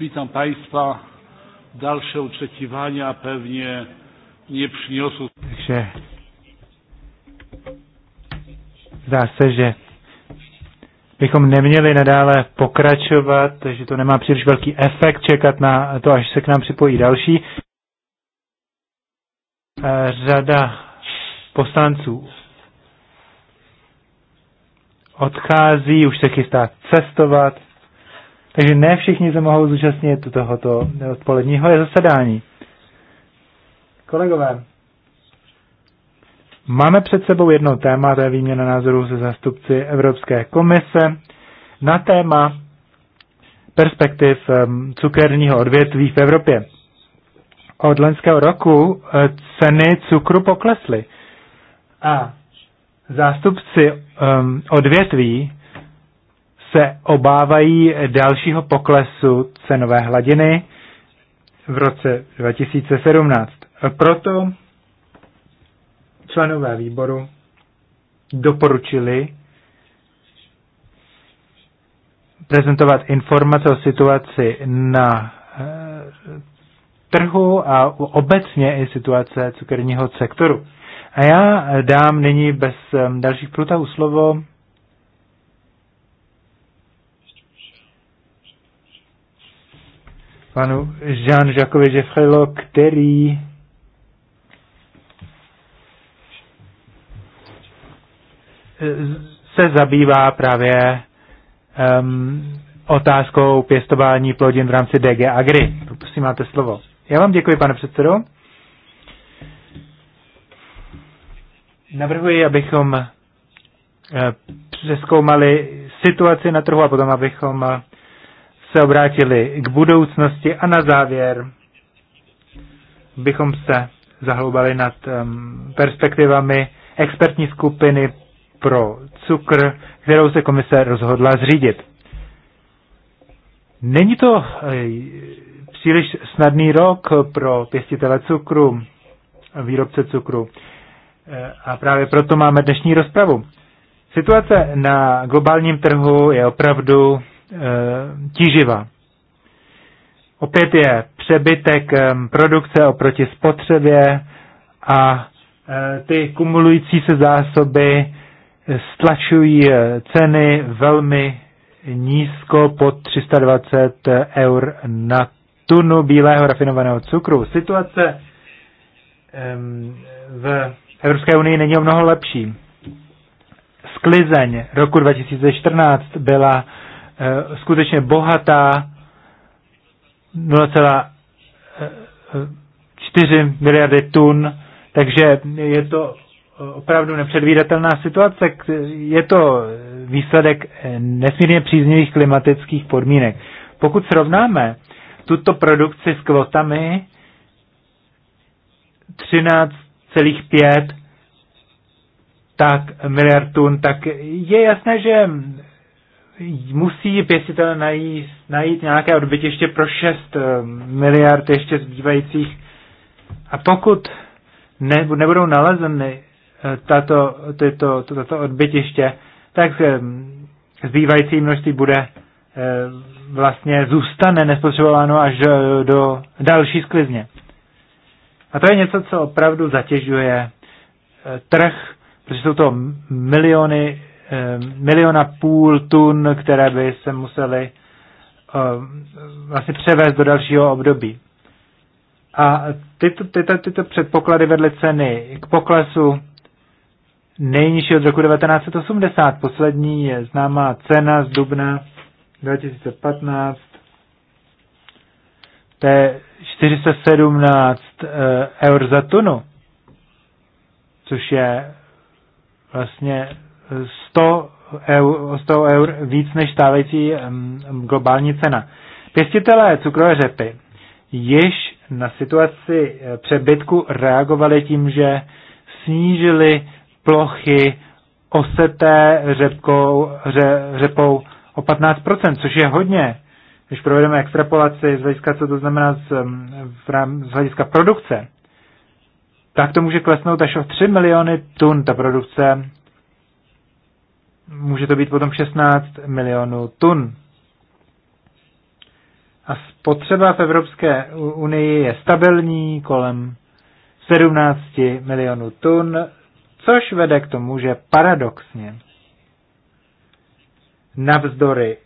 Witam Państwa. Dalsze oczekiwania pewnie nie przyniosą. Takže zdá se, že bychom neměli nadále pokračovat, že to nemá příliš velký efekt čekat na to, až se k nám připojí další. Řada poslanců odchází, už se chystá cestovat. Takže ne všichni se mohou zúčastnit tohoto odpoledního zasedání. Kolegové, máme před sebou jedno téma, to je výměna názorů se zastupci Evropské komise na téma perspektiv cukerního odvětví v Evropě. Od loňského roku e, ceny cukru poklesly a zástupci odvětví se obávají dalšího poklesu cenové hladiny v roce 2017. Proto členové výboru doporučili prezentovat informace o situaci na eh, trhu a obecně i situace cukerního sektoru. A já dám nyní bez eh, dalších průtahů slovo panu Jean-Jacques Jeffrelo, který se zabývá právě um, otázkou pěstování plodin v rámci DG Agri. Prosím, máte slovo. Já vám děkuji, pane předsedo. Navrhuji, abychom eh, přeskoumali situaci na trhu a potom, abychom se obrátili k budoucnosti a na závěr bychom se zahloubali nad perspektivami expertní skupiny pro cukr, kterou se komise rozhodla zřídit. Není to eh, příliš snadný rok pro pěstitele cukru, výrobce cukru. Eh, a právě proto máme dnešní rozpravu. Situace na globálním trhu je opravdu Eh, tíživa. Opět je přebytek eh, produkce oproti spotřebě a eh, ty kumulující se zásoby stlačují ceny velmi nízko pod 320 eur na tunu bílého rafinovaného cukru. Situace v Evropské unii není o mnoho lepší. Sklizeň roku 2014 byla Eh, skutečně bohatá 0,4 eh, eh, miliardy tun, takže je to opravdu nepředvídatelná situace. Je to výsledek nesmírně příznivých klimatických podmínek. Pokud srovnáme tuto produkci s kvotami 13,5 tak miliard tun, tak je jasné, že musí pěstitel najít, najít nějaké odbytiště pro 6 eh, miliard ještě zbývajících. A pokud ne, nebudou nalezeny eh, tato, tyto, tato odbytiště, tak eh, zbývající množství bude vlastně zůstane nespotřebováno až do další sklizně. A to je něco, co opravdu zatěžuje trh, protože jsou to miliony Ehm, miliona půl tun, které by se museli ehm, vlastně převést do dalšího období. A tyto, tyto, tyto předpoklady vedly ceny k poklesu nejnižší od roku 1980. Poslední je známá cena z dubna 2015. To je 417 eh, eur za tunu, což je vlastně 100 eur, 100 eur víc než stávající globální cena. Pěstitelé cukrové řepy již na situaci eh, přebytku reagovali tím, že snížili plochy oseté řepkou, ře, řepou o 15%, což je hodně. Když provedeme extrapolaci z hlediska, co to znamená z, z hlediska produkce, tak to může klesnout až o 3 miliony tun ta produkce může to být potom 16 milionů tun. A spotřeba v Evropské unii je stabilní kolem 17 milionů tun, což vede k tomu, že paradoxně navzdory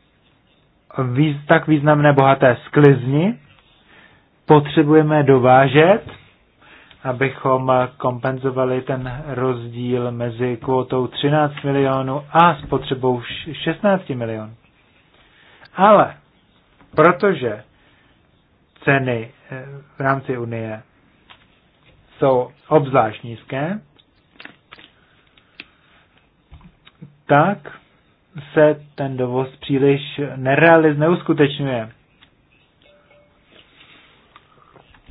tak významné bohaté sklizni potřebujeme dovážet abychom kompenzovali ten rozdíl mezi kvotou 13 milionů a spotřebou 16 milionů. Ale protože ceny eh, v rámci Unie jsou obzvlášť nízké, tak se ten dovoz příliš nerealiz neuskutečňuje.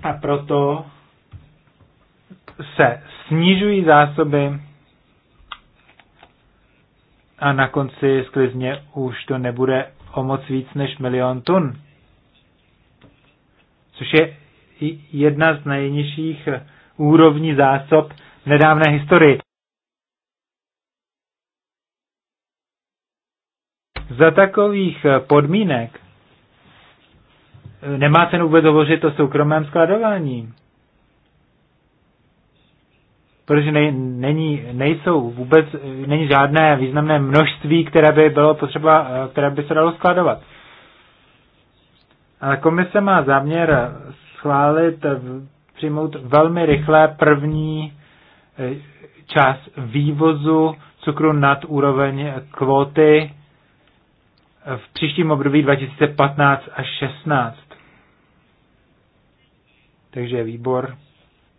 A proto se snižují zásoby a na konci sklizně už to nebude o moc víc než milion tun. Což je jedna z nejnižších úrovní zásob v nedávné historii. Za takových podmínek nemá cenu vůbec hovořit o soukromém skladování protože ne, není, nejsou vůbec, není žádné významné množství, které by bylo potřeba, eh, které by se dalo skladovat. Ale komise má záměr schválit, eh, přijmout velmi rychle první eh, čas vývozu cukru nad úroveň kvóty v příštím období 2015 až 16. Takže výbor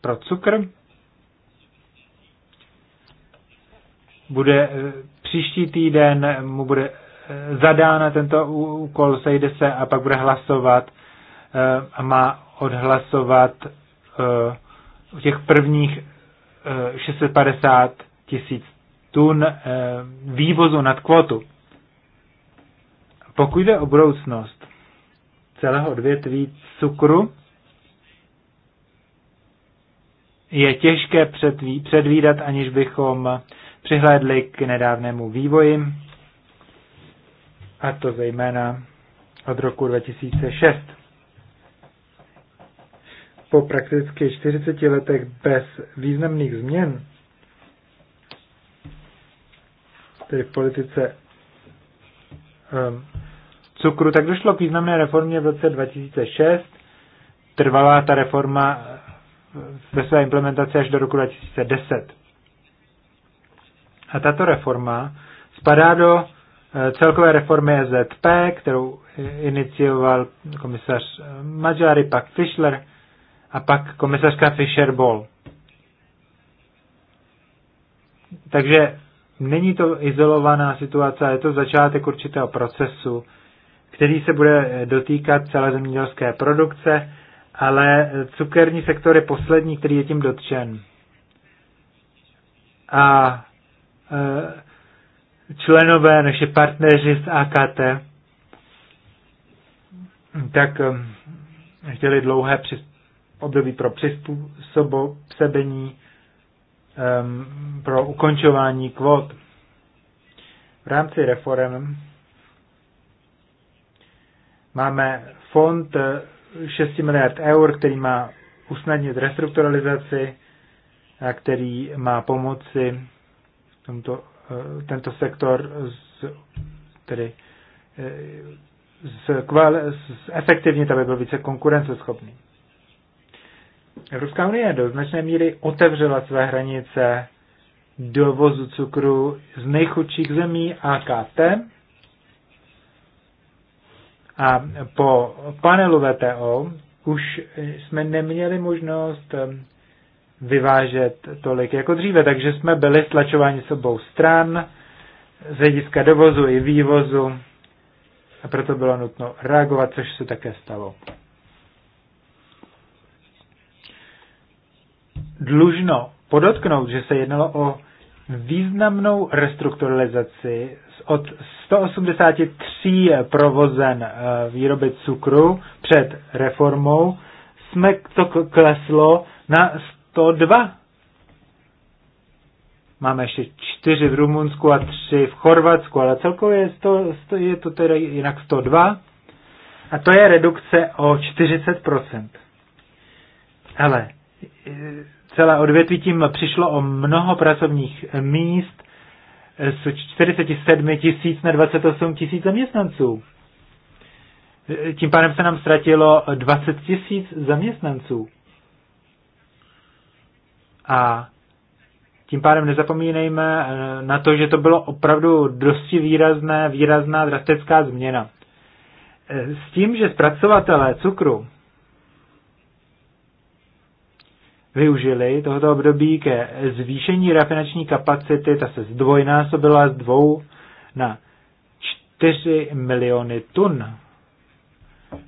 pro cukr bude eh, příští týden, mu bude eh, zadána tento úkol, sejde se a pak bude hlasovat eh, a má odhlasovat těch prvních 650 tisíc tun vývozu nad kvotu. Pokud jde o budoucnost celého odvětví cukru, je těžké předvídat, aniž bychom přihlédli k nedávnému vývoji, a to zejména od roku 2006. Po prakticky 40 letech bez významných změn, tedy v politice um, cukru, tak došlo k významné reformě v roce 2006. Trvala ta reforma eh, ve své implementaci až do roku 2010. A tato reforma spadá do eh, celkové reformy EZP, kterou inicioval komisař eh, Magyari, pak Fischler a pak komisařka Fischer-Boll. Takže není to izolovaná situace, je to začátek určitého procesu, který se bude dotýkat celé zemědělské produkce, ale cukerní sektor je poslední, který je tím dotčen. A Eh, členové, naše partneři z AKT, tak eh, chtěli dlouhé období pro přizpůsobení eh, pro ukončování kvot. V rámci reform máme fond 6 miliard eur, který má usnadnit restrukturalizaci, a který má pomoci tomto, eh, tento sektor z, tedy eh, z, kval, z efektivnit, aby byl více konkurenceschopný. Evropská unie do značné míry otevřela své hranice dovozu cukru z nejchudších zemí AKT a po panelu VTO už jsme neměli možnost eh, vyvážet tolik jako dříve, takže jsme byli stlačováni s obou stran, z hlediska dovozu i vývozu, a proto bylo nutno reagovat, což se také stalo. Dlužno podotknout, že se jednalo o významnou restrukturalizaci od 183 provozen eh, výroby cukru před reformou jsme to kleslo na 102. Máme ještě čtyři v Rumunsku a tři v Chorvatsku, ale celkově je, sto, sto, je to tedy jinak 102. A to je redukce o 40%. Ale celé odvětví tím přišlo o mnoho pracovních míst z 47 tisíc na 28 tisíc zaměstnanců. Tím pádem se nám ztratilo 20 tisíc zaměstnanců. A tím pádem nezapomínejme eh, na to, že to bylo opravdu dosti výrazné, výrazná drastická změna. Eh, s tím, že zpracovatelé cukru využili tohoto období ke zvýšení rafinační kapacity, ta se zdvojnásobila z dvou na 4 miliony tun.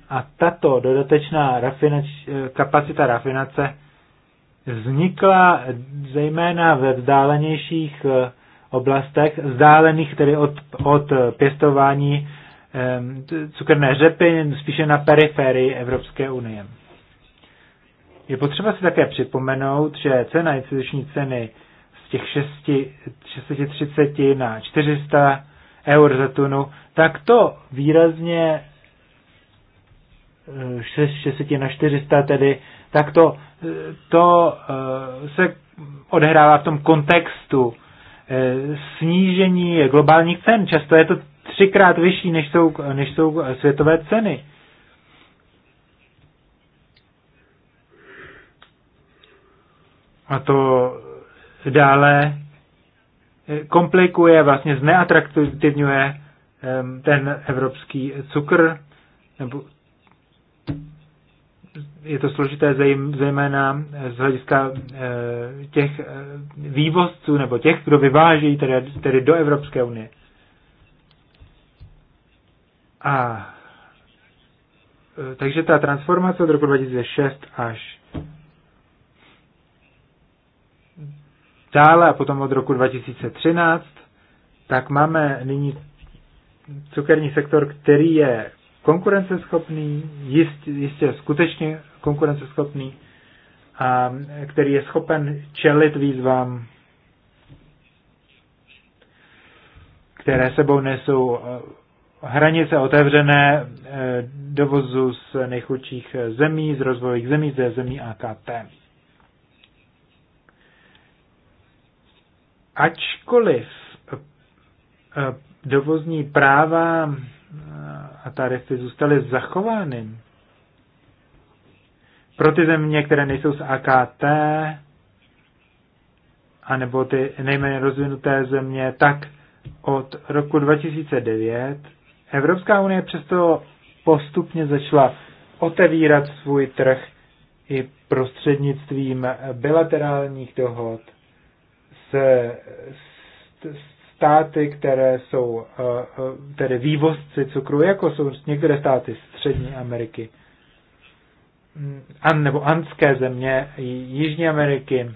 A tato dodatečná rafinač, eh, kapacita rafinace vznikla zejména ve vzdálenějších eh, oblastech, vzdálených tedy od, od pěstování cukrné řepy, spíše na periferii Evropské unie. Je potřeba si také připomenout, že cena instituční ceny z těch 6, 630 na 400 eur za tunu, tak to výrazně 600 eh, na 400 tedy tak to, to eh, se odehrává v tom kontextu eh, snížení globálních cen. Často je to třikrát vyšší, než jsou, než jsou světové ceny. A to dále eh, komplikuje, vlastně zneatraktivňuje ten evropský cukr, nebo je to složité zejména z hlediska e, těch e, vývozců nebo těch, kdo vyváží tedy, tedy do Evropské unie. A e, takže ta transformace od roku 2006 až dále a potom od roku 2013, tak máme nyní cukerní sektor, který je konkurenceschopný, jistě, jistě skutečně konkurenceschopný a který je schopen čelit výzvám, které sebou nesou eh, hranice otevřené eh, dovozu z nejchudších eh, zemí, z rozvojových zemí, ze zemí AKT. Ačkoliv dovozní práva a tarify zůstaly zachovány, pro ty země, které nejsou z AKT, anebo ty nejméně rozvinuté země, tak od roku 2009 Evropská unie přesto postupně začala otevírat svůj trh i prostřednictvím bilaterálních dohod s státy, které jsou eh, eh, tedy vývozci cukru, jako jsou některé státy Střední Ameriky. Mm, an, nebo anské země Jižní Ameriky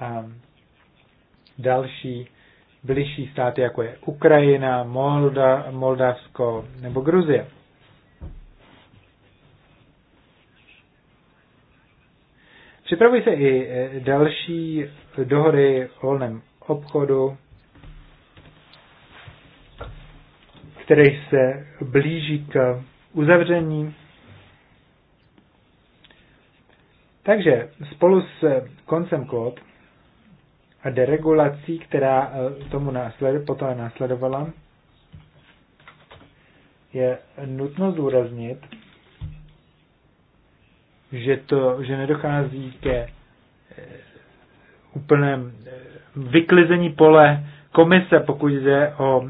a další bližší státy, jako je Ukrajina, Molda, Moldavsko nebo Gruzie. Připravují se i e, další dohody o volném obchodu, které se blíží k uzavření. Takže spolu s eh, koncem kód a deregulací, která eh, tomu násled, potom následovala, je nutno zdůraznit, že, to, že nedochází ke eh, úplném vyklizení pole komise, pokud jde o e,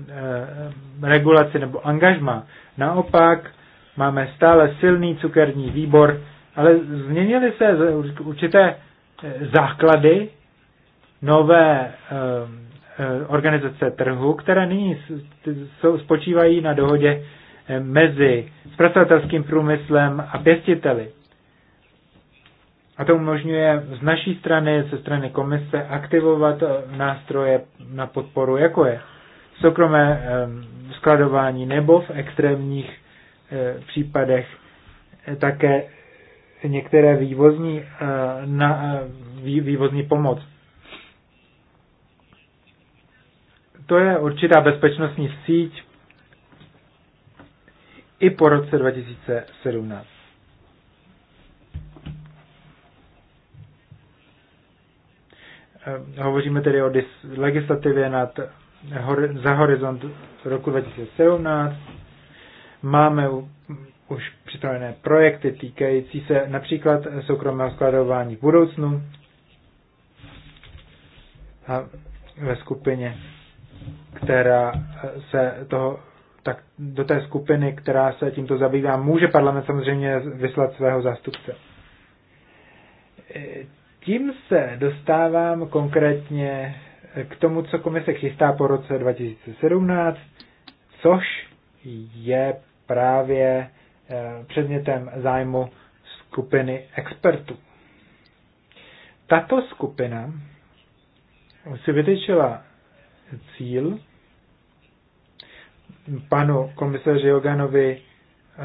regulaci nebo angažma. Naopak máme stále silný cukerní výbor, ale změnily se určité eh, základy nové ehm, eh, organizace trhu, které nyní spočívají na dohodě eh, mezi zpracovatelským průmyslem a pěstiteli. A to umožňuje z naší strany, ze strany komise, aktivovat nástroje na podporu, jako je soukromé ehm, skladování nebo v extrémních případech také některé vývozní, eh, na, eh, vývozní pomoc. To je určitá bezpečnostní síť i po roce 2017. Eh, hovoříme tedy o legislativě nad, za horizont roku 2017. Máme už připravené projekty týkající se například soukromého skladování v budoucnu a ve skupině, která se toho, tak do té skupiny, která se tímto zabývá, může parlament samozřejmě vyslat svého zástupce. Tím se dostávám konkrétně k tomu, co komise chystá po roce 2017, což je právě Eh, předmětem zájmu skupiny expertů. Tato skupina si vytyčila cíl panu komisaři Joganovi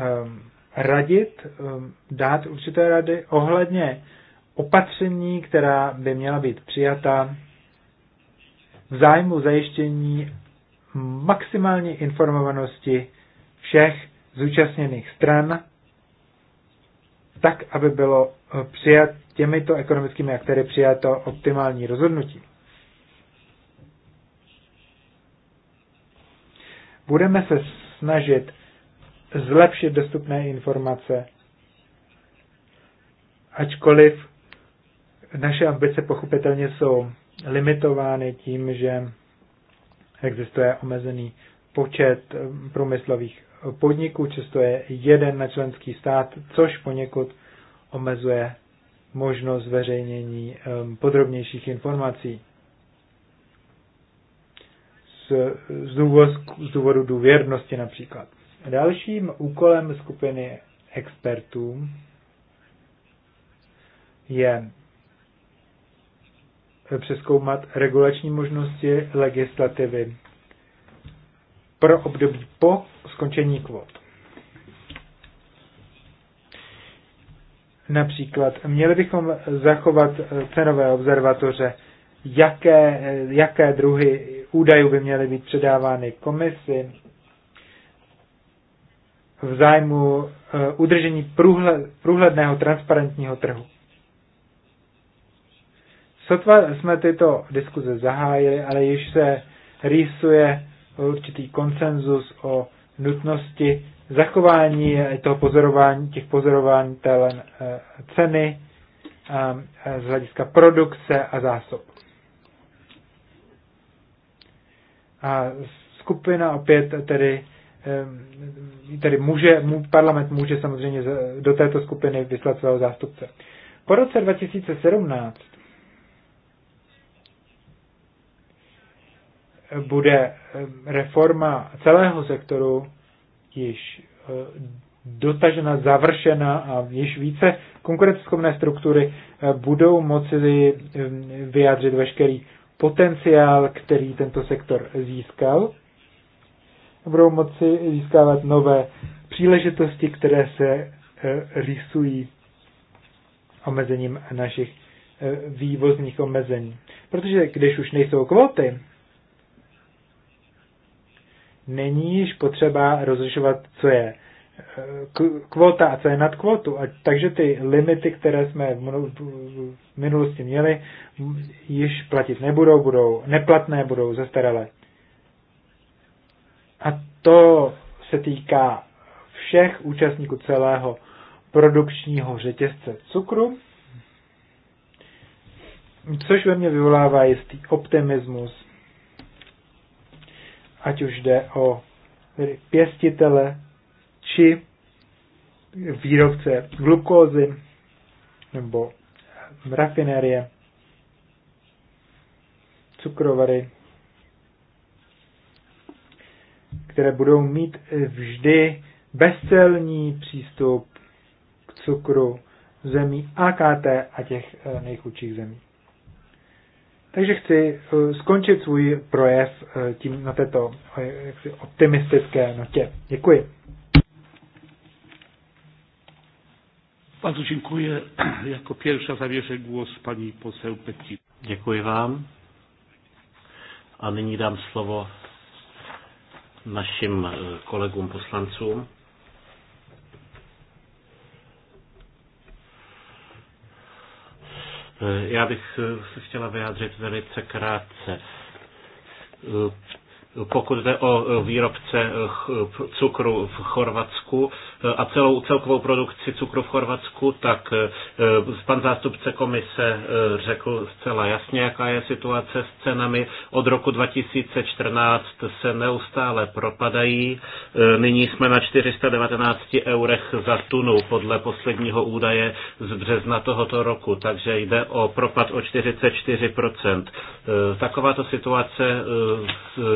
ehm, radit, ehm, dát určité rady ohledně opatření, která by měla být přijata v zájmu zajištění maximální informovanosti všech zúčastněných stran, tak, aby bylo eh, přijat těmito ekonomickými aktéry přijato optimální rozhodnutí. Budeme se snažit zlepšit dostupné informace, ačkoliv naše ambice pochopitelně jsou limitovány tím, že existuje omezený počet eh, průmyslových podniků, často je jeden na členský stát, což poněkud omezuje možnost zveřejnění podrobnějších informací z, z, důvodu, z důvodu důvěrnosti například. Dalším úkolem skupiny expertů je přeskoumat regulační možnosti legislativy pro období po skončení kvot. Například, měli bychom zachovat cenové observatoře, jaké, jaké druhy údajů by měly být předávány komisi v zájmu eh, udržení průhled, průhledného transparentního trhu. Sotva jsme tyto diskuze zahájili, ale již se rýsuje určitý konsenzus o nutnosti zachování toho pozorování, těch pozorování té eh, ceny ehm, eh, z hlediska produkce a zásob. A skupina opět tedy ehm, tedy může, parlament může samozřejmě do této skupiny vyslat svého zástupce. Po roce 2017 bude eh, reforma celého sektoru již eh, dotažena, završena a již více konkurenceschopné struktury eh, budou moci vyjádřit veškerý potenciál, který tento sektor získal. Budou moci získávat nové příležitosti, které se rýsují omezením našich vývozních omezení. Protože když už nejsou kvóty, není již potřeba rozlišovat, co je eh, kvota a co je nad kvotu. A takže ty limity, které jsme v minulosti měli, již platit nebudou, budou neplatné, budou zastaralé. A to se týká všech účastníků celého produkčního řetězce cukru, což ve mně vyvolává jistý optimismus, ať už jde o pěstitele či výrobce glukózy nebo rafinérie, cukrovary, které budou mít vždy bezcelní přístup k cukru zemí AKT a těch eh, nejchudších zemí. Takže chci eh, skončit svůj projev eh, tím na této eh, jaksi optimistické notě. Děkuji. Bardzo dziękuję. Jako pierwsza zabierze głos pani poseł Petit. Děkuji vám. A nyní dám slovo našim kolegům poslancům. Eh, já bych eh, se chtěla vyjádřit velice krátce. Eh, pokud jde o výrobce cukru v Chorvatsku, Eh, a celou celkovou produkci cukru v Chorvatsku, tak eh, eh, pan zástupce komise řekl zcela jasně, jaká je situace s cenami. Od roku 2014 se neustále propadají. Nyní jsme na 419 eurech za tunu podle posledního údaje z března tohoto roku, takže jde o propad o 44%. Takováto situace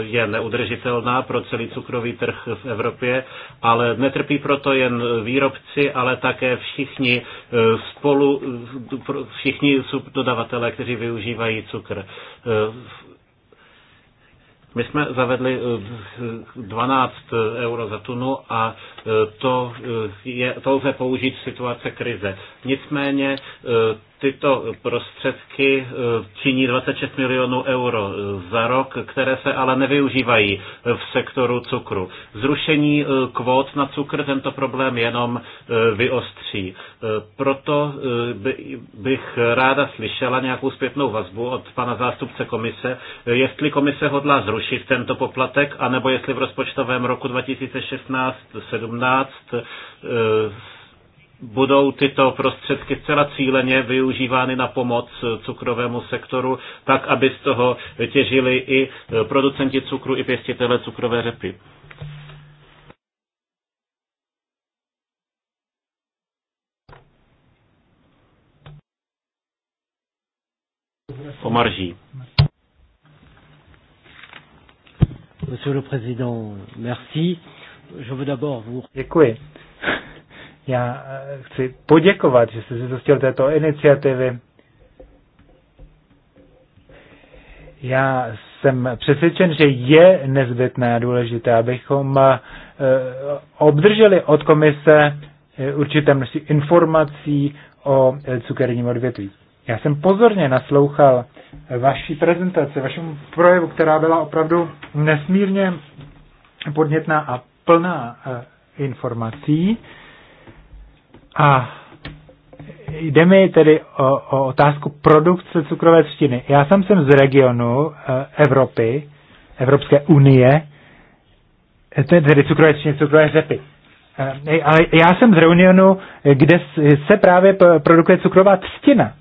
je neudržitelná pro celý cukrový trh v Evropě, ale netrpí proto jen výrobci, ale také všichni eh, spolu, všichni dodavatelé, kteří využívají cukr. Eh, my jsme zavedli 12 eh, euro za tunu a to, je, to lze použít v situace krize. Nicméně Tyto prostředky eh, činí 26 milionů euro eh, za rok, které se ale nevyužívají eh, v sektoru cukru. Zrušení kvót na cukr tento problém jenom vyostří. Proto bych ráda slyšela nějakou zpětnou vazbu od pana zástupce komise, jestli komise hodlá zrušit tento poplatek, anebo jestli v rozpočtovém roku 2016-17 budou tyto prostředky zcela cíleně využívány na pomoc cukrovému sektoru, tak aby z toho těžili i eh, producenti cukru, i pěstitele cukrové řepy. O marží. Monsieur le Président, merci. Je veux d'abord vous... Děkuji. Já eh, chci poděkovat, že jste se zhostil této iniciativy. Já jsem přesvědčen, že je nezbytné a důležité, abychom eh, obdrželi od komise eh, určité množství informací o cukerním odvětví. Já jsem pozorně naslouchal vaší prezentaci, vašemu projevu, která byla opravdu nesmírně podnětná a plná informací. A jde mi tedy o, o otázku produkce cukrové třtiny. Já sám jsem z regionu eh, Evropy, Evropské unie, eh, tedy cukrové třtiny, cukrové řepy. Eh, ale já jsem z regionu, kde se právě produkuje cukrová třtina.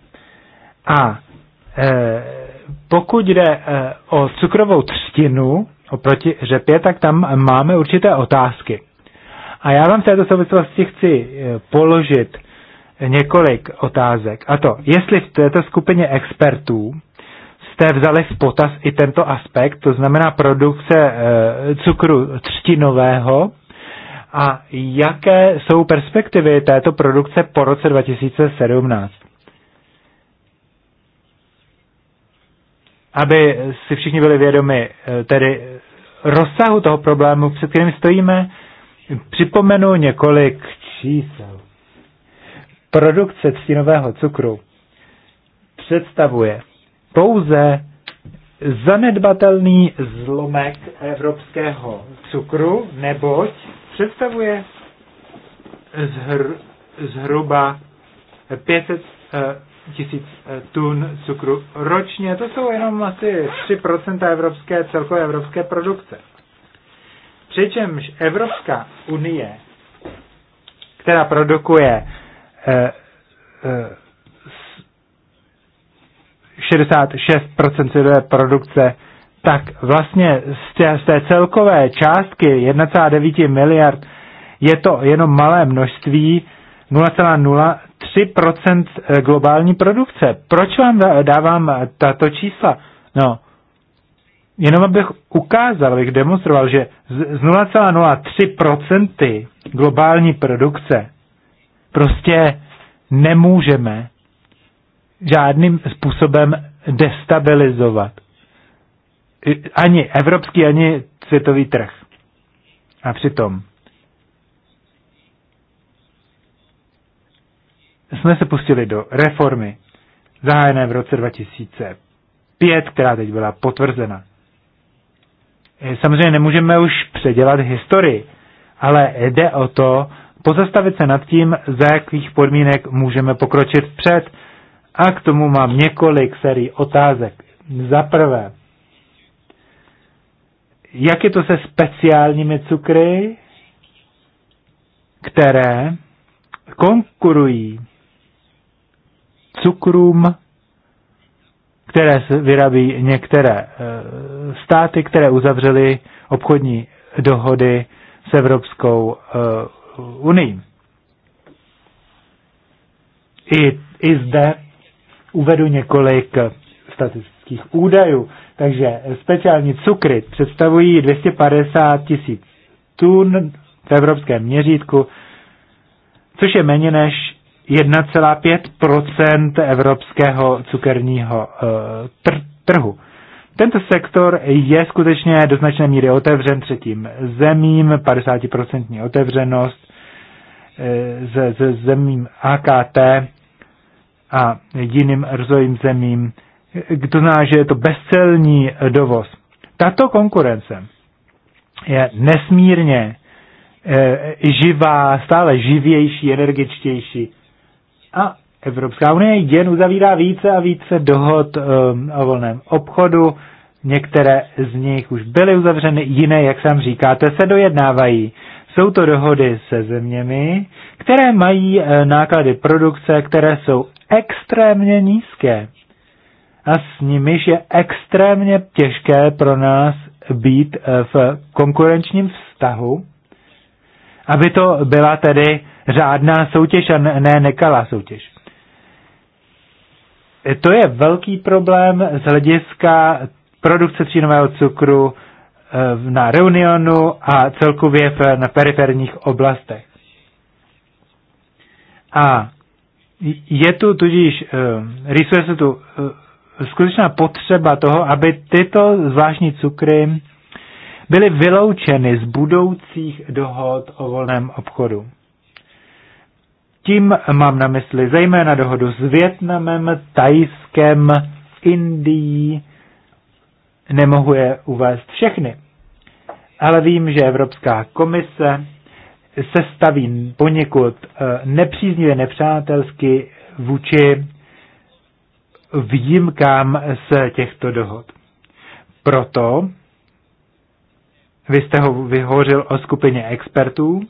A pokud jde o cukrovou třtinu oproti řepě, tak tam máme určité otázky. A já vám v této souvislosti chci eh, položit eh, několik otázek. A to, jestli v této skupině expertů jste vzali v potaz i tento aspekt, to znamená produkce eh, cukru třtinového, a jaké jsou perspektivy této produkce po roce 2017? Aby si všichni byli vědomi tedy rozsahu toho problému, před kterým stojíme, Připomenu několik čísel. Produkce třtinového cukru představuje pouze zanedbatelný zlomek evropského cukru, neboť představuje zhr, zhruba 500 eh, tisíc eh, tun cukru ročně. To jsou jenom asi 3% evropské, celkové evropské produkce. Přičemž Evropská unie, která produkuje eh, eh, 66% světové produkce, tak vlastně z té, z té celkové částky 1,9 miliard je to jenom malé množství 0,03% eh, globální produkce. Proč vám dávám tato čísla? No, jenom abych ukázal, abych demonstroval, že z 0,03% globální produkce prostě nemůžeme žádným způsobem destabilizovat ani evropský, ani světový trh. A přitom jsme se pustili do reformy zahájené v roce 2005, která teď byla potvrzena Eh, samozřejmě nemůžeme už předělat historii, ale jde o to pozastavit se nad tím, za jakých podmínek můžeme pokročit před. A k tomu mám několik sérií otázek. Za prvé, jak je to se speciálními cukry, které konkurují cukrům které vyrábí některé eh, státy, které uzavřely obchodní dohody s Evropskou eh, unii. I, I zde uvedu několik statistických údajů. Takže speciální cukry představují 250 tisíc tun v evropském měřítku, což je méně než 1,5 evropského cukerního eh, trhu. Tento sektor je skutečně do značné míry otevřen třetím zemím, 50% otevřenost se, eh, zemím AKT a jiným rozvojím zemím. Eh, to zná, že je to bezcelní dovoz. Tato konkurence je nesmírně živá, stále živější, energičtější a Evropská unie jen uzavírá více a více dohod um, o volném obchodu. Některé z nich už byly uzavřeny, jiné, jak sám říkáte, se dojednávají. Jsou to dohody se zeměmi, které mají eh, náklady produkce, které jsou extrémně nízké. A s nimiž je extrémně těžké pro nás být eh, v konkurenčním vztahu, aby to byla tedy řádná soutěž a ne nekalá soutěž. To je velký problém z hlediska produkce třínového cukru eh, na Reunionu a celkově v, na periferních oblastech. A je tu tudíž, eh, rysuje se tu eh, skutečná potřeba toho, aby tyto zvláštní cukry byly vyloučeny z budoucích dohod o volném obchodu. Tím mám na mysli zejména dohodu s Větnamem, Tajskem, Indií. Nemohu je uvést všechny. Ale vím, že Evropská komise se staví poněkud eh, nepříznivě nepřátelsky vůči výjimkám z těchto dohod. Proto vy jste ho vyhořil o skupině expertů,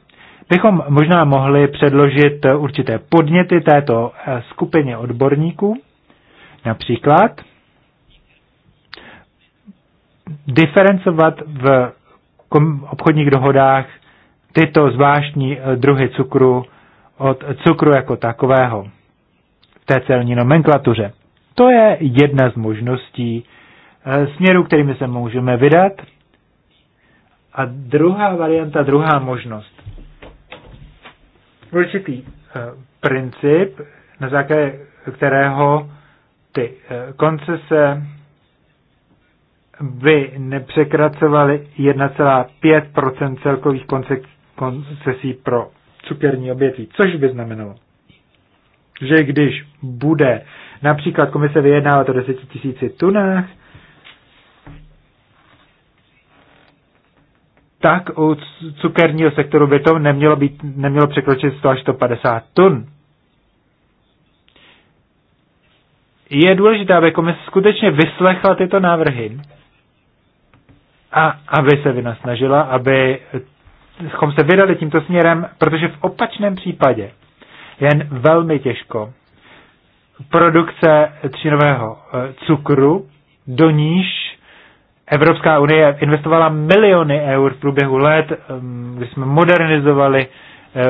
bychom možná mohli předložit určité podněty této eh, skupině odborníků, například diferencovat v obchodních dohodách tyto zvláštní eh, druhy cukru od cukru jako takového v té celní nomenklatuře. To je jedna z možností eh, směru, kterými se můžeme vydat. A druhá varianta, druhá možnost určitý eh, princip, na základě kterého ty eh, koncese by nepřekracovaly 1,5 celkových koncesí pro cukerní obětí. což by znamenalo, že když bude například komise vyjednávat o 10 000 tunách, tak u cukerního sektoru by to nemělo, být, nemělo překročit 100 až 150 tun. Je důležité, aby komise skutečně vyslechla tyto návrhy a aby se vynasnažila, aby se vydali tímto směrem, protože v opačném případě jen velmi těžko produkce třínového eh, cukru, do níž Evropská unie investovala miliony eur v průběhu let, kdy jsme modernizovali eh,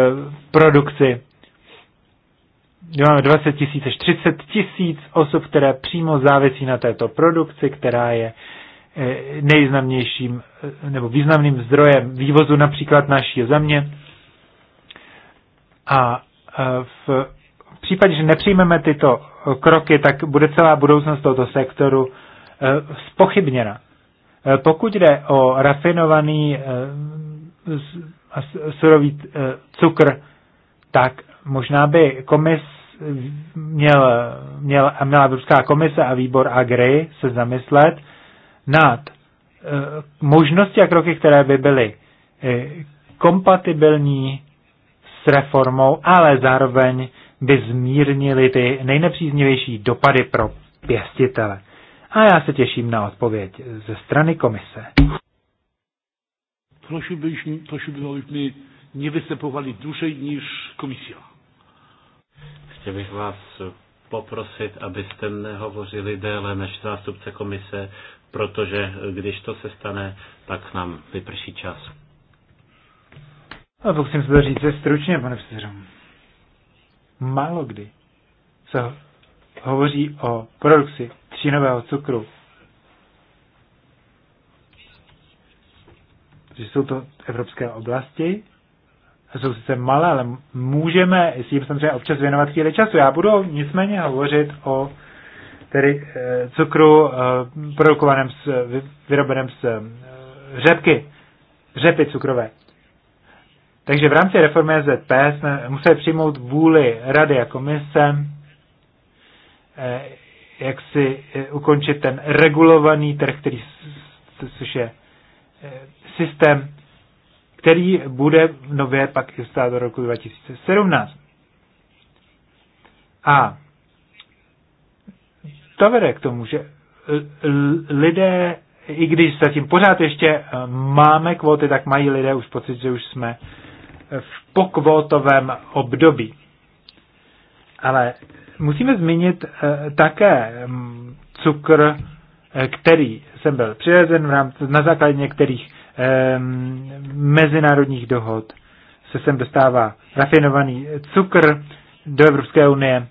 produkci. Máme 20 tisíc až 30 tisíc osob, které přímo závisí na této produkci, která je eh, nejznámějším eh, nebo významným zdrojem vývozu například naší země. A v případě, že nepřijmeme tyto kroky, tak bude celá budoucnost tohoto sektoru spochybněna. Eh, pokud jde o rafinovaný eh, surový eh, cukr, tak možná by komis měl, měl, měla Evropská komise a výbor Agri se zamyslet nad možnosti a kroky, které by byly kompatibilní s reformou, ale zároveň by zmírnili ty nejnepříznivější dopady pro pěstitele. A já se těším na odpověď ze strany komise. Prosím, bychom, prosím mi nevystupovali dłużej než komisia. Chtěl bych vás poprosit, abyste nehovořili déle než zástupce komise, protože když to se stane, tak nám vyprší čas. A pokusím se to říct stručně, pane předsedo. Málo kdy se hovoří o produkci třínového cukru. Že jsou to evropské oblasti, jsou sice malé, ale můžeme s tím samozřejmě občas věnovat chvíli času. Já budu nicméně hovořit o tedy eh, cukru eh, produkovaném s vyrobeném z eh, řepky, řepy cukrové. Takže v rámci reformy ZP jsme museli přijmout vůli Rady a komise Eh, jak si eh, ukončit ten regulovaný trh, který, což je eh, systém, který bude nově pak i stát do roku 2017. A to vede k tomu, že lidé, i když zatím pořád ještě máme kvóty, tak mají lidé už pocit, že už jsme v pokvótovém období. Ale musíme zmínit eh, také mm, cukr, eh, který jsem byl přivezen v rámci, na základě některých eh, mezinárodních dohod se sem dostává rafinovaný cukr do Evropské unie.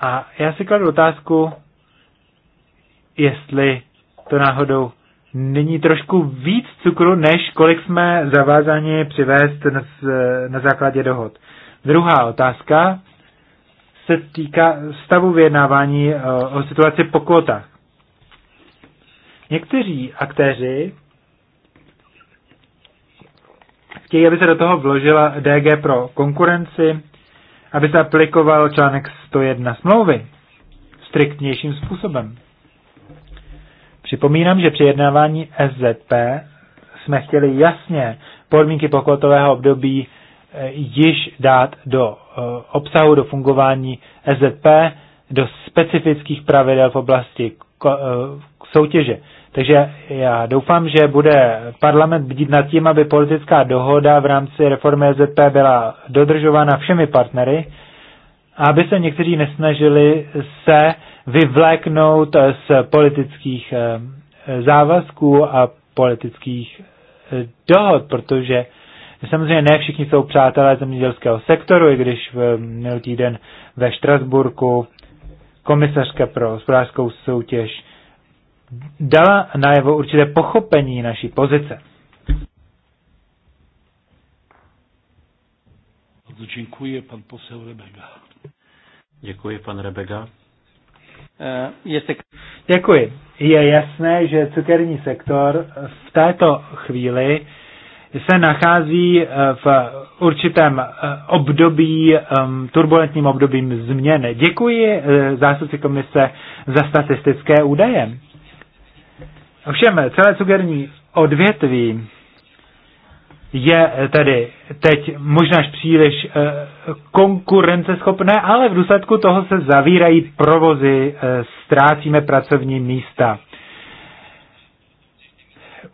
A já si kladu otázku, jestli to náhodou není trošku víc cukru, než kolik jsme zavázáni přivést na, na základě dohod. Druhá otázka se týká stavu vyjednávání eh, o situaci po kvotách. Někteří aktéři chtějí, aby se do toho vložila DG pro konkurenci, aby se aplikoval článek 101 smlouvy striktnějším způsobem. Připomínám, že při jednávání SZP jsme chtěli jasně podmínky pokotového období eh, již dát do Eh, obsahu, do fungování EZP, do specifických pravidel v oblasti eh, soutěže. Takže já doufám, že bude parlament bdít nad tím, aby politická dohoda v rámci reformy EZP byla dodržována všemi partnery, aby se někteří nesnažili se vyvléknout z politických eh, závazků a politických dohod, protože Samozřejmě ne všichni jsou přátelé zemědělského sektoru, i když v měl týden ve Štrasburku komisařka pro hospodářskou soutěž dala najevo určité pochopení naší pozice. Děkuji, pan posel Rebega. Děkuji, pan Rebega. E, Děkuji. Je jasné, že cukerní sektor v této chvíli se nachází eh, v určitém eh, období, turbulentním obdobím změn. Děkuji eh, zástupci komise za statistické údaje. Ovšem, celé cukerní odvětví je tedy teď možná až příliš konkurenceschopné, ale v důsledku toho se zavírají provozy, ztrácíme pracovní místa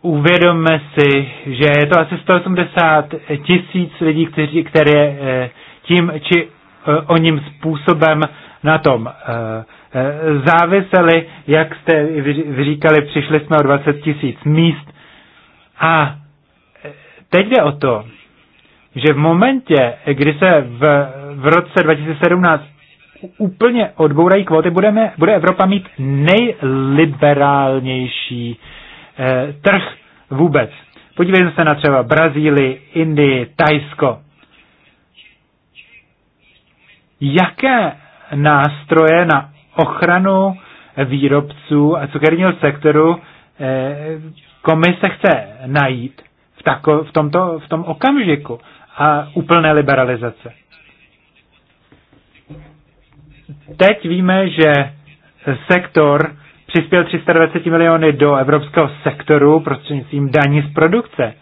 uvědomme si, že je to asi 180 tisíc lidí, kteří, které eh, tím či eh, o ním způsobem na tom eh, záviseli, jak jste vyříkali, přišli jsme o 20 tisíc míst. A teď jde o to, že v momentě, kdy se v, v roce 2017 úplně odbourají kvóty, budeme, bude Evropa mít nejliberálnější Eh, trh vůbec. Podívejme se na třeba Brazílii, Indii, Tajsko. Jaké nástroje na ochranu výrobců a cukerního sektoru eh, komise chce najít v, tako, v, tomto, v tom okamžiku a úplné liberalizace. Teď víme, že sektor přispěl 320 miliony do evropského sektoru prostřednictvím daní z produkce.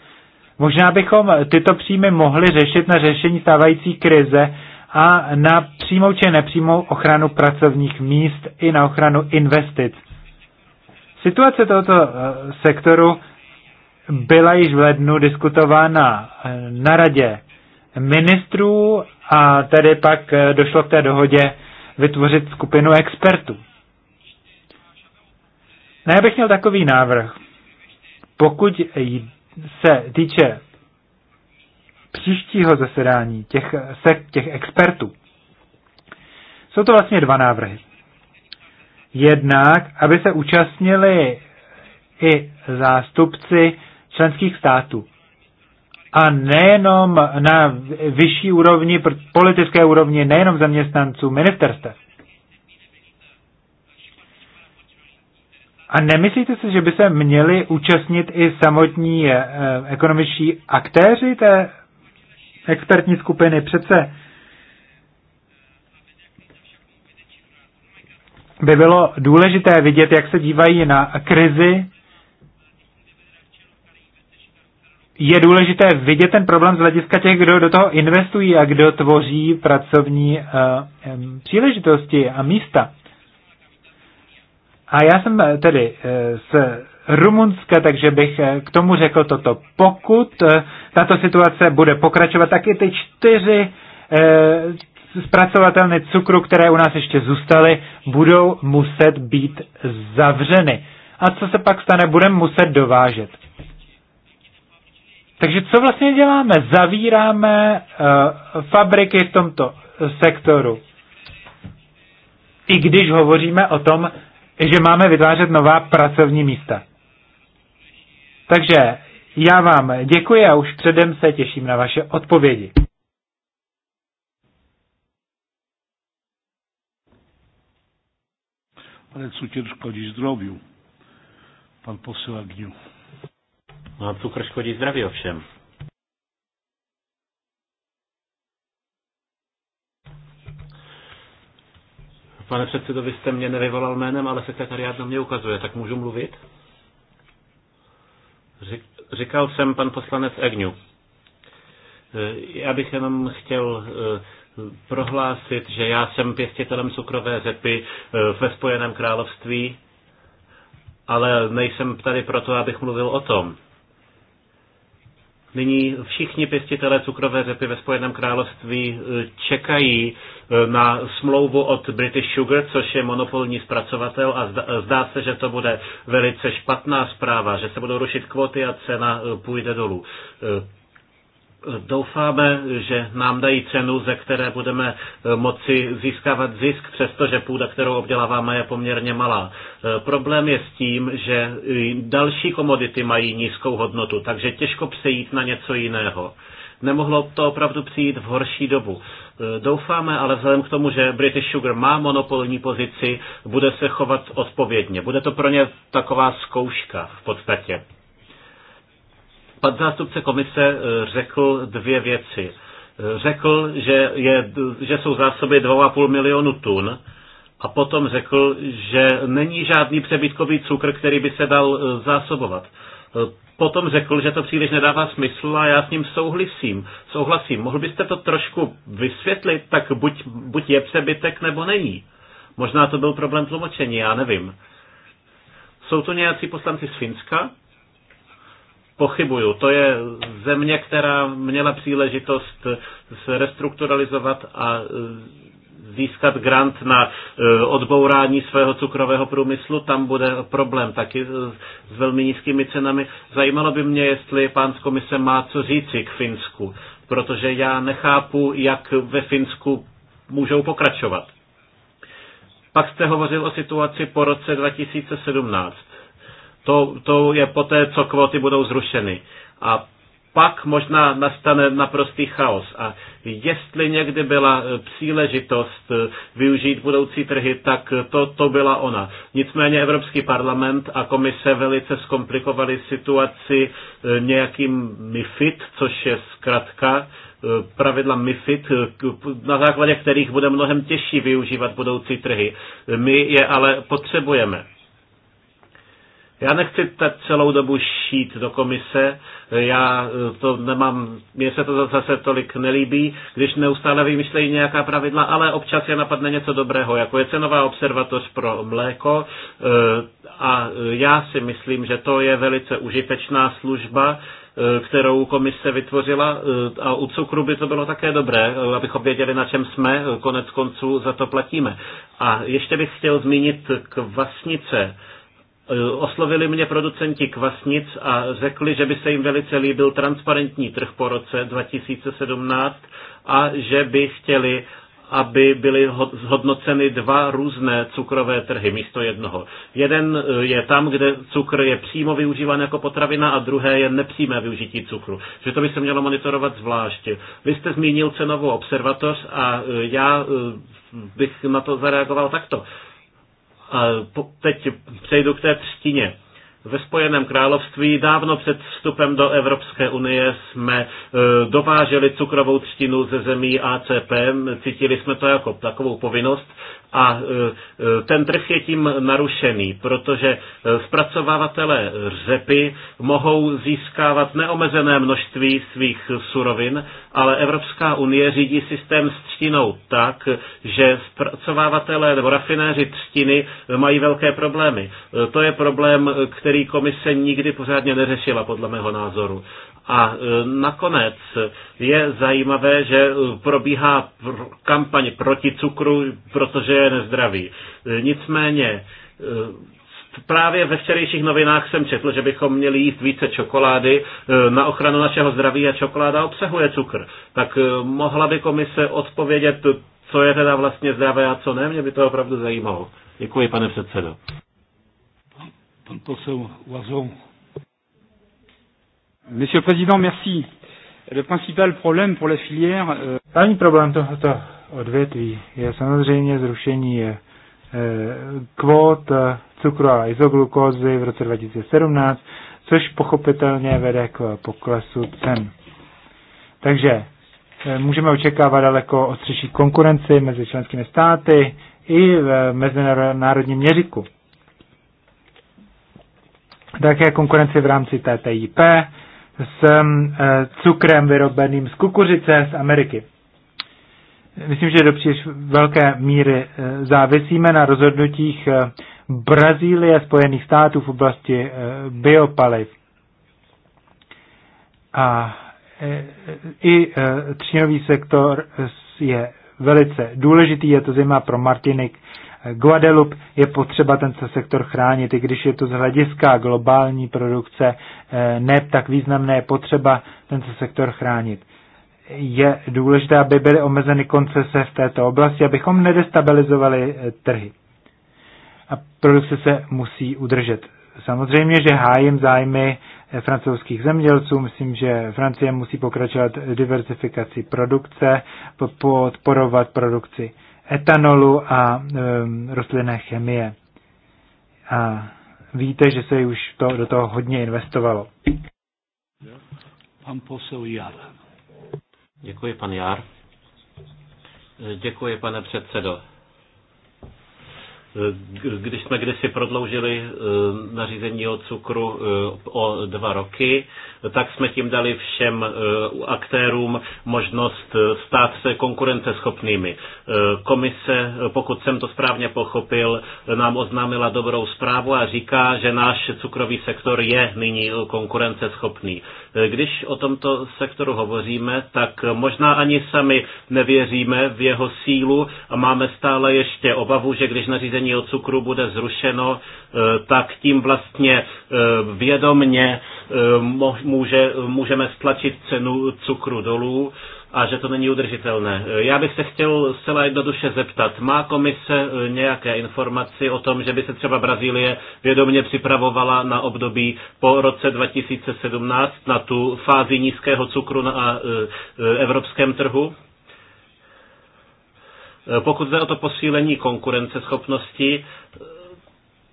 Možná bychom tyto příjmy mohli řešit na řešení stávající krize a na přímou či nepřímou ochranu pracovních míst i na ochranu investic. Situace tohoto eh, sektoru byla již v lednu diskutována eh, na radě ministrů a tedy pak eh, došlo k té dohodě vytvořit skupinu expertů. No já bych měl takový návrh. Pokud se týče příštího zasedání těch, se, těch expertů, jsou to vlastně dva návrhy. Jednak, aby se účastnili i zástupci členských států. A nejenom na vyšší úrovni, politické úrovni, nejenom zaměstnanců ministerstev. A nemyslíte si, že by se měli účastnit i samotní eh, ekonomičtí aktéři té expertní skupiny? Přece by bylo důležité vidět, jak se dívají na krizi. Je důležité vidět ten problém z hlediska těch, kdo do toho investují a kdo tvoří pracovní e, příležitosti a místa. A já jsem eh, tedy eh, z Rumunska, takže bych eh, k tomu řekl toto. Pokud tato situace bude pokračovat, tak i ty čtyři zpracovatelny cukru, které u nás ještě zůstaly, budou muset být zavřeny. A co se pak stane? Budeme muset dovážet. Takže co vlastně děláme? Zavíráme uh, fabriky v tomto sektoru. I když hovoříme o tom, že máme vytvářet nová pracovní místa. Takže já vám děkuji a už předem se těším na vaše odpovědi. ale cukr škodí zdraví. Pan posel Agniu. Mám cukr škodí zdraví ovšem. Pane předsedo, vy jste mě nevyvolal jménem, ale sekretariát na mě ukazuje, tak můžu mluvit? Říkal jsem pan poslanec Egňu. Eh, já bych jenom chtěl eh, prohlásit, že já jsem pěstitelem cukrové řepy eh, ve Spojeném království, ale nejsem tady proto, abych mluvil o tom. Nyní všichni pěstitelé cukrové řepy ve Spojeném království eh, čekají eh, na smlouvu od British Sugar, což je monopolní zpracovatel a eh, zdá se, že to bude velice špatná zpráva, že se budou rušit kvóty a cena půjde dolů. Doufáme, že nám dají cenu, ze které budeme eh, moci získávat zisk, přestože půda, kterou obděláváme, je poměrně malá. Eh, problém je s tím, že další komodity mají nízkou hodnotu, takže těžko přejít na něco jiného. Nemohlo to opravdu přijít v horší dobu. Eh, doufáme, ale vzhledem k tomu, že British Sugar má monopolní pozici, bude se chovat odpovědně. Bude to pro ně taková zkouška v podstatě. Pan zástupce komise eh, řekl dvě věci. Eh, řekl, že, je, že jsou zásoby 2,5 milionu tun a potom řekl, že není žádný přebytkový cukr, který by se dal eh, zásobovat. Potom řekl, že to příliš nedává smysl a já s ním souhlasím. souhlasím. Mohl byste to trošku vysvětlit, tak buď, buď je přebytek, nebo není. Možná to byl problém tlumočení, já nevím. Jsou tu nějací poslanci z Finska? pochybuju. To je země, která měla příležitost se restrukturalizovat a získat grant na e, odbourání svého cukrového průmyslu, tam bude problém taky s velmi nízkými cenami. Zajímalo by mě, jestli pán z komise má co říci k Finsku, protože já nechápu, jak ve Finsku můžou pokračovat. Pak jste hovořil o situaci po roce 2017. To, to je poté, co kvóty budou zrušeny. A pak možná nastane naprostý chaos. A jestli někdy byla e, příležitost e, využít budoucí trhy, tak e, to, to byla ona. Nicméně Evropský parlament a komise velice zkomplikovali situaci nějakým MIFID, což je zkratka pravidla MIFID, na základě kterých bude mnohem těžší využívat budoucí trhy. My je ale potřebujeme. Já nechci tak celou dobu šít do komise, já eh, to nemám, mně se to zase tolik nelíbí, když neustále vymýšlejí nějaká pravidla, ale občas je napadne něco dobrého, jako je cenová observatoř pro mléko eh, a eh, já si myslím, že to je velice užitečná služba, kterou komise vytvořila a u cukru by to bylo také dobré, abychom věděli, na čem jsme, konec konců za to platíme. A ještě bych chtěl zmínit kvasnice. Eh, oslovili mě producenti kvasnic a řekli, že by se jim velice líbil transparentní trh po roce 2017 a že by chtěli aby byly zhodnoceny dva různé cukrové trhy místo jednoho. Jeden eh, je tam, kde cukr je přímo využíván jako potravina a druhé je nepřímé využití cukru. Že to by se mělo monitorovat zvlášť. Vy jste zmínil cenovou observatoř a eh, já bych na to zareagoval takto. A teď přejdu k té třtině. Ve Spojeném království dávno před vstupem do Evropské unie jsme e, dováželi cukrovou třtinu ze zemí ACP, cítili jsme to jako takovou povinnost a e, e, ten trh je tím narušený, protože e, zpracovávatele řepy mohou získávat neomezené množství svých surovin, ale Evropská unie řídí systém s třtinou tak, že zpracovávatele nebo rafinéři třtiny mají velké problémy. To je problém, který komise nikdy pořádně neřešila, podle mého názoru. A e, nakonec je zajímavé, že probíhá kampaň proti cukru, protože je nezdravý. E, nicméně e, právě ve včerejších novinách jsem četl, že bychom měli jíst více čokolády na ochranu našeho zdraví a čokoláda obsahuje cukr. Tak mohla by komise odpovědět, co je teda vlastně zdravé a co ne? Mě by to opravdu zajímalo. Děkuji, pane předsedo. Pan posel Lazon. Monsieur le Président, merci. Le principal problème pour la filière... Euh... problém tohoto odvětví je samozřejmě zrušení eh, eh, kvót eh, cukru a izoglukózy v roce 2017, což pochopitelně vede k poklesu cen. Takže můžeme očekávat daleko ostřejší konkurenci mezi členskými státy i v mezinárodním měřiku. Také konkurenci v rámci TTIP, s e, cukrem vyrobeným z kukuřice z Ameriky. Myslím, že do příliš velké míry e, závisíme na rozhodnutích e, Brazílie a Spojených států v oblasti biopaliv. A i třínový sektor je velice důležitý, je to zima pro Martinik, Guadeloupe je potřeba ten sektor chránit, i když je to z hlediska globální produkce eh, ne tak významné, je potřeba ten sektor chránit. Je důležité, aby byly omezeny koncese v této oblasti, abychom nedestabilizovali eh, trhy. A produkce se musí udržet. Samozřejmě, že hájím zájmy eh, francouzských zemědělců. Myslím, že Francie musí pokračovat diversifikaci produkce, podporovat produkci etanolu a e, rostlinné chemie. A víte, že se už to, do toho hodně investovalo. Pan posel Jar. Děkuji, pan Jar. Děkuji, pane předsedo. Eh, když jsme kdysi prodloužili eh, nařízení o cukru eh, o dva roky, tak jsme tím dali všem aktérům možnost stát se konkurenceschopnými. Komise, pokud jsem to správně pochopil, nám oznámila dobrou zprávu a říká, že náš cukrový sektor je nyní konkurenceschopný. Když o tomto sektoru hovoříme, tak možná ani sami nevěříme v jeho sílu a máme stále ještě obavu, že když nařízení zdanění o cukru bude zrušeno, e, tak tím vlastně e, vědomně e, může, můžeme stlačit cenu cukru dolů a že to není udržitelné. Já bych se chtěl zcela jednoduše zeptat, má komise nějaké informaci o tom, že by se třeba Brazílie vědomně připravovala na období po roce 2017 na tu fázi nízkého cukru na evropském trhu? Eh, pokud jde o to posílení konkurenceschopnosti, eh,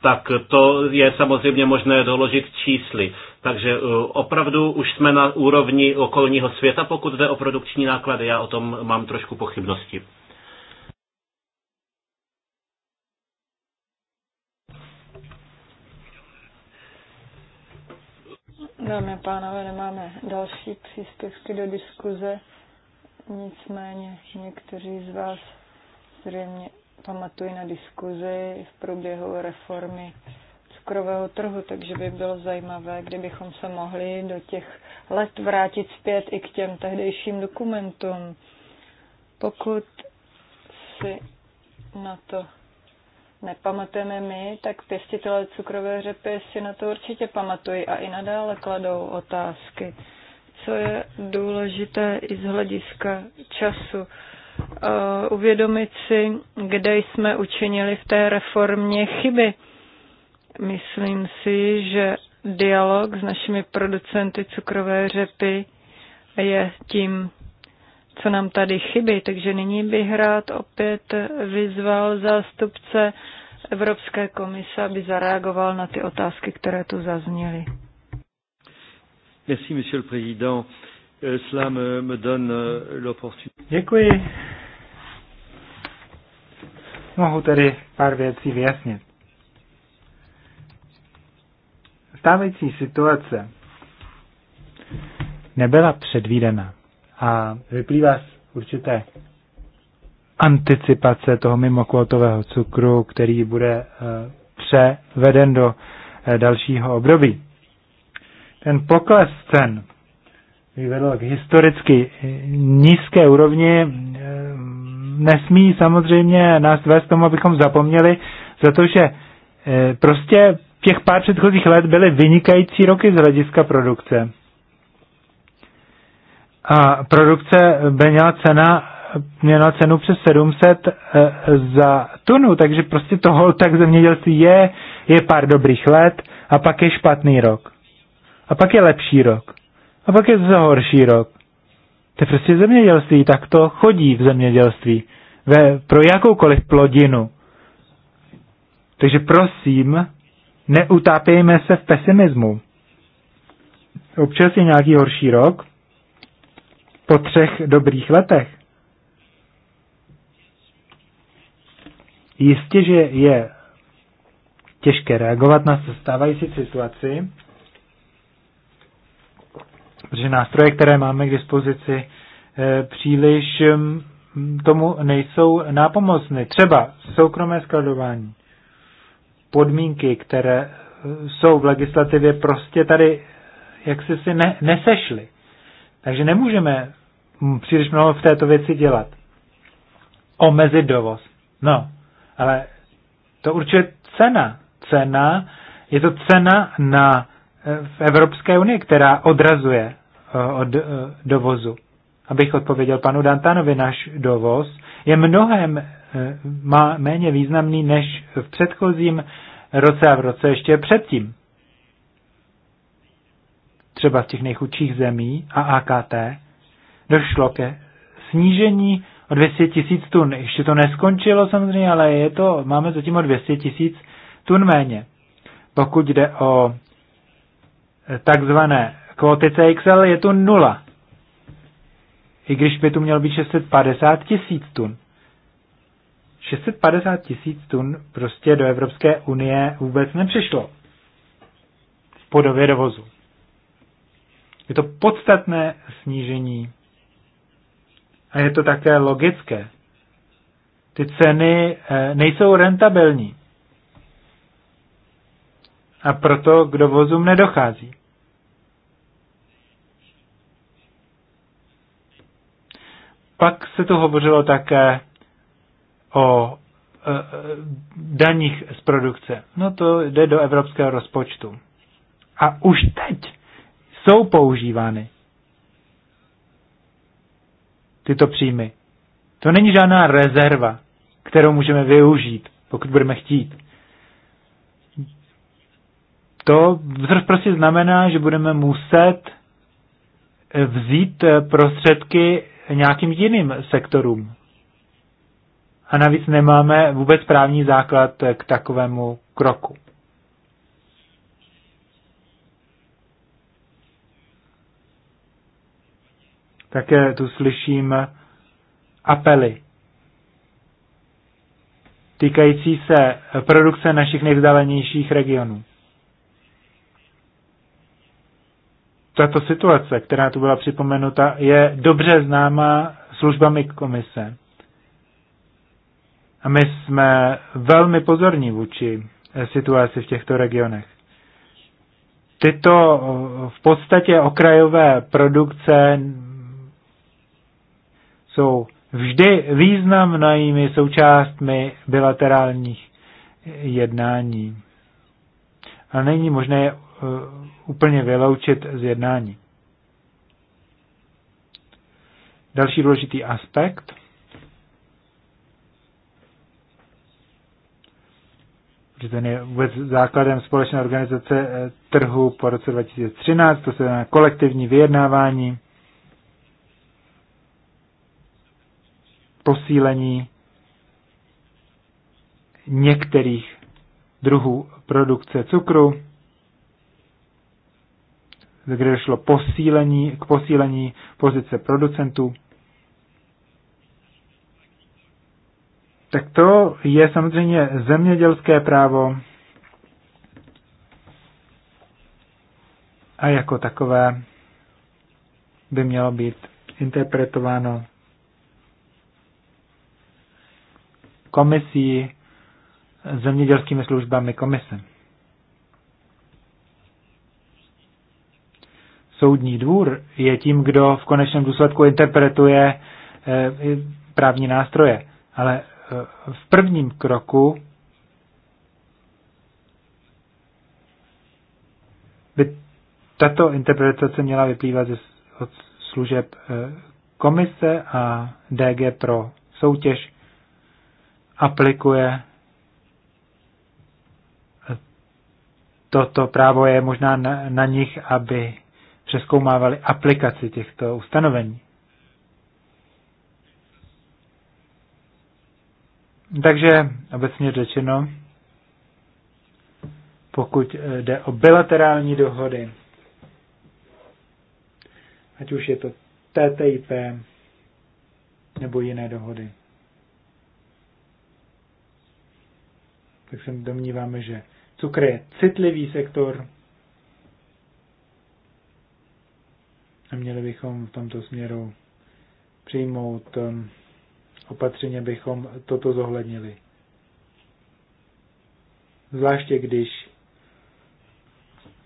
tak to je samozřejmě možné doložit čísly. Takže eh, opravdu už jsme na úrovni okolního světa, pokud jde o produkční náklady. Já o tom mám trošku pochybnosti. Dámy a pánové, nemáme další příspěvky do diskuze, nicméně někteří z vás zřejmě pamatuji na diskuzi v průběhu reformy cukrového trhu, takže by bylo zajímavé, kdybychom se mohli do těch let vrátit zpět i k těm tehdejším dokumentům. Pokud si na to nepamatujeme my, tak pěstitelé cukrové řepy si na to určitě pamatují a i nadále kladou otázky. Co je důležité i z hlediska času? Eh, uvědomit si, kde jsme učinili v té reformě chyby. Myslím si, že dialog s našimi producenty cukrové řepy je tím, co nám tady chybí. Takže nyní bych rád opět vyzval zástupce Evropské komise, aby zareagoval na ty otázky, které tu zazněly. Merci, monsieur le président cela me, me donne euh, l'opportunité. Děkuji. Mohu tedy pár věcí vyjasnit. Stávající situace nebyla předvídena a vyplývá z určité anticipace toho mimokvotového cukru, který bude eh, převeden do eh, dalšího období. Ten pokles cen vedlo k historicky nízké úrovni, eh, nesmí samozřejmě nás vést tomu, abychom zapomněli za to, že eh, prostě těch pár předchozích let byly vynikající roky z hlediska produkce. A produkce by měla cena měla cenu přes 700 eh, za tunu, takže prostě toho tak zemědělství je, je pár dobrých let a pak je špatný rok. A pak je lepší rok. A pak je zase horší rok. To je prostě zemědělství, tak to chodí v zemědělství. Ve, pro jakoukoliv plodinu. Takže prosím, neutápějme se v pesimismu. Občas je nějaký horší rok, po třech dobrých letech. Jistě, že je těžké reagovat na stávající situaci, protože nástroje, které máme k dispozici, eh, příliš mm, tomu nejsou nápomocny. Třeba soukromé skladování, podmínky, které eh, jsou v legislativě, prostě tady eh, jak se si ne, nesešly. Takže nemůžeme mm, příliš mnoho v této věci dělat. Omezit dovoz. No, ale to určuje cena. Cena, je to cena na, v Evropské unii, která odrazuje Eh, od eh, dovozu. Abych odpověděl panu Dantanovi, náš dovoz je mnohem eh, má méně významný než v předchozím roce a v roce ještě předtím. Třeba v těch nejchudších zemí a AKT došlo ke snížení o 200 tisíc tun. Ještě to neskončilo samozřejmě, ale je to, máme zatím o 200 tisíc tun méně. Pokud jde o takzvané kvóty CXL je tu nula. I když by tu mělo být 650 tisíc tun. 650 tisíc tun prostě do Evropské unie vůbec nepřišlo. V podobě dovozu. Je to podstatné snížení. A je to také logické. Ty ceny eh, nejsou rentabilní. A proto k dovozům nedochází. Pak se to hovořilo také o e, e, daních z produkce. No to jde do evropského rozpočtu. A už teď jsou používány tyto příjmy. To není žádná rezerva, kterou můžeme využít, pokud budeme chtít. To prostě znamená, že budeme muset vzít e, prostředky nějakým jiným sektorům. A navíc nemáme vůbec právní základ k takovému kroku. Také tu slyším apely týkající se produkce našich nejvzdálenějších regionů. tato situace, která tu byla připomenuta, je dobře známá službami komise. A my jsme velmi pozorní vůči eh, situaci v těchto regionech. Tyto eh, v podstatě okrajové produkce jsou vždy významnými součástmi bilaterálních eh, jednání. A není možné je úplně vyloučit z jednání. Další důležitý aspekt že ten je vůbec základem společné organizace eh, trhu po roce 2013, to se znamená kolektivní vyjednávání, posílení některých druhů produkce cukru, kde došlo posílení, k posílení pozice producentů. Tak to je samozřejmě zemědělské právo a jako takové by mělo být interpretováno komisí, zemědělskými službami komise. soudní dvůr je tím, kdo v konečném důsledku interpretuje eh, právní nástroje. Ale eh, v prvním kroku by tato interpretace měla vyplývat od služeb eh, komise a DG pro soutěž aplikuje toto právo je možná na, na nich, aby přeskoumávali aplikaci těchto ustanovení. Takže obecně řečeno, pokud eh, jde o bilaterální dohody, ať už je to TTIP nebo jiné dohody, tak se domníváme, že cukr je citlivý sektor, Měli bychom v tomto směru přijmout um, opatřeně, bychom toto zohlednili. Zvláště když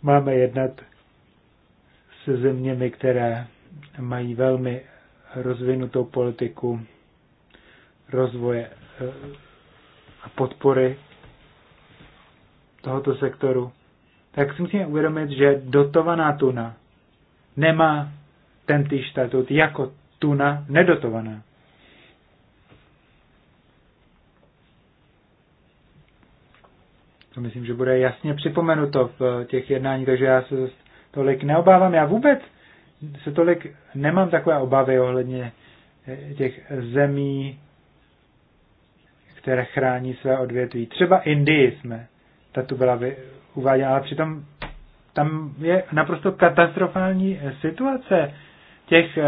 máme jednat se zeměmi, které mají velmi rozvinutou politiku rozvoje eh, a podpory tohoto sektoru, tak si musíme uvědomit, že dotovaná tuna nemá tentýž statut jako tuna nedotovaná. To myslím, že bude jasně připomenuto v těch jednání, takže já se tolik neobávám. Já vůbec se tolik nemám takové obavy ohledně eh, těch zemí, které chrání své odvětví. Třeba Indii jsme, ta tu byla uváděna, ale přitom tam je naprosto katastrofální eh, situace těch eh,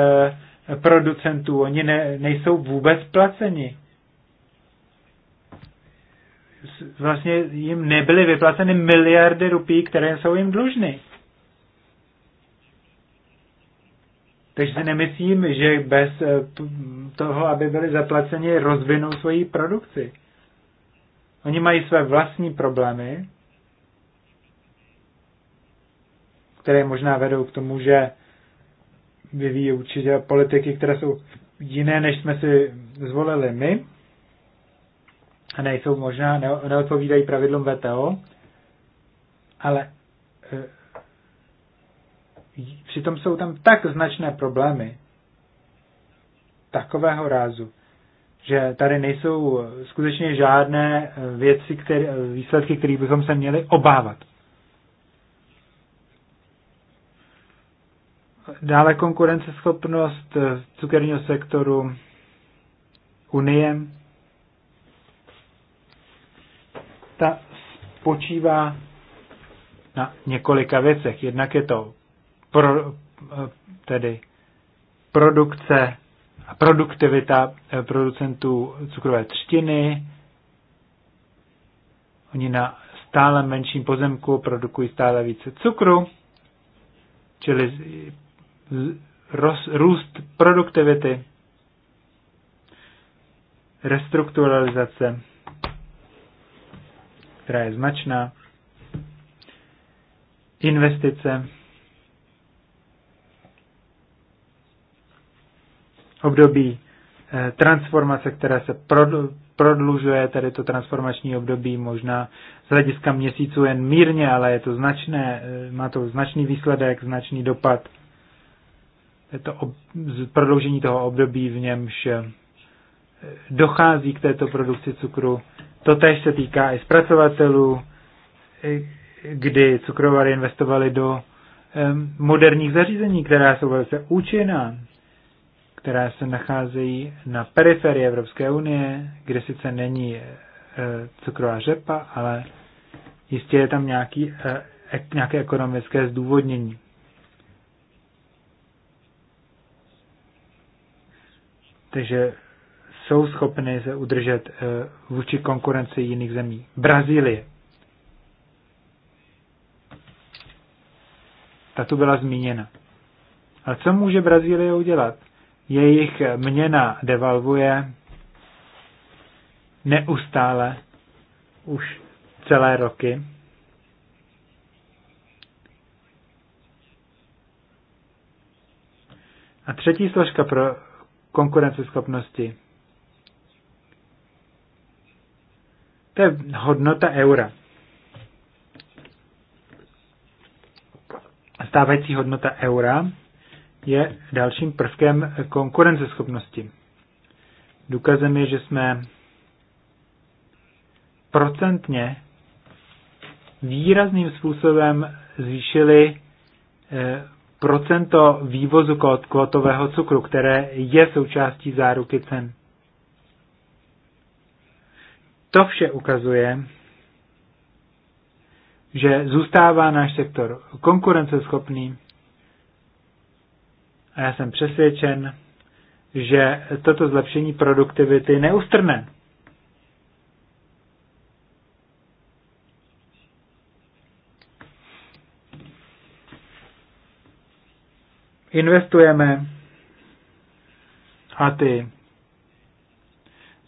producentů. Oni ne, nejsou vůbec placeni. Vlastně jim nebyly vyplaceny miliardy rupí, které jsou jim dlužny. Takže si nemyslím, že bez eh, toho, aby byli zaplaceni, rozvinou svoji produkci. Oni mají své vlastní problémy, které možná vedou k tomu, že vyvíjí určitě politiky, které jsou jiné, než jsme si zvolili my a nejsou možná, neodpovídají pravidlům VTO, ale e, přitom jsou tam tak značné problémy takového rázu, že tady nejsou skutečně žádné eh, věci, které, eh, výsledky, které bychom se měli obávat. Dále konkurenceschopnost eh, cukerního sektoru Unie. Ta spočívá na několika věcech. Jednak je to pro, eh, tedy produkce a produktivita eh, producentů cukrové třtiny. Oni na stále menším pozemku produkují stále více cukru, čili roz, růst produktivity, restrukturalizace, která je značná, investice, období eh, transformace, která se prodlužuje, tady to transformační období možná z hlediska měsíců jen mírně, ale je to značné, eh, má to značný výsledek, značný dopad to ob, prodloužení toho období, v němž eh, dochází k této produkci cukru. Totež se týká i zpracovatelů, kdy cukrovary investovali do moderních zařízení, která jsou velice účinná, která se nacházejí na periferii Evropské unie, kde sice není eh, cukrová řepa, ale jistě je tam nějaký, eh, nějaké ekonomické zdůvodnění. Takže jsou schopny se udržet eh, vůči konkurenci jiných zemí. Brazílie. Ta tu byla zmíněna. Ale co může Brazílie udělat? Jejich měna devalvuje neustále už celé roky. A třetí složka pro konkurenceschopnosti. To je hodnota eura. Stávající hodnota eura je dalším prvkem konkurenceschopnosti. Důkazem je, že jsme procentně výrazným způsobem zvýšili eh, procento vývozu kvotového cukru, které je součástí záruky cen. To vše ukazuje, že zůstává náš sektor konkurenceschopný a já jsem přesvědčen, že toto zlepšení produktivity neustrne. investujeme a ty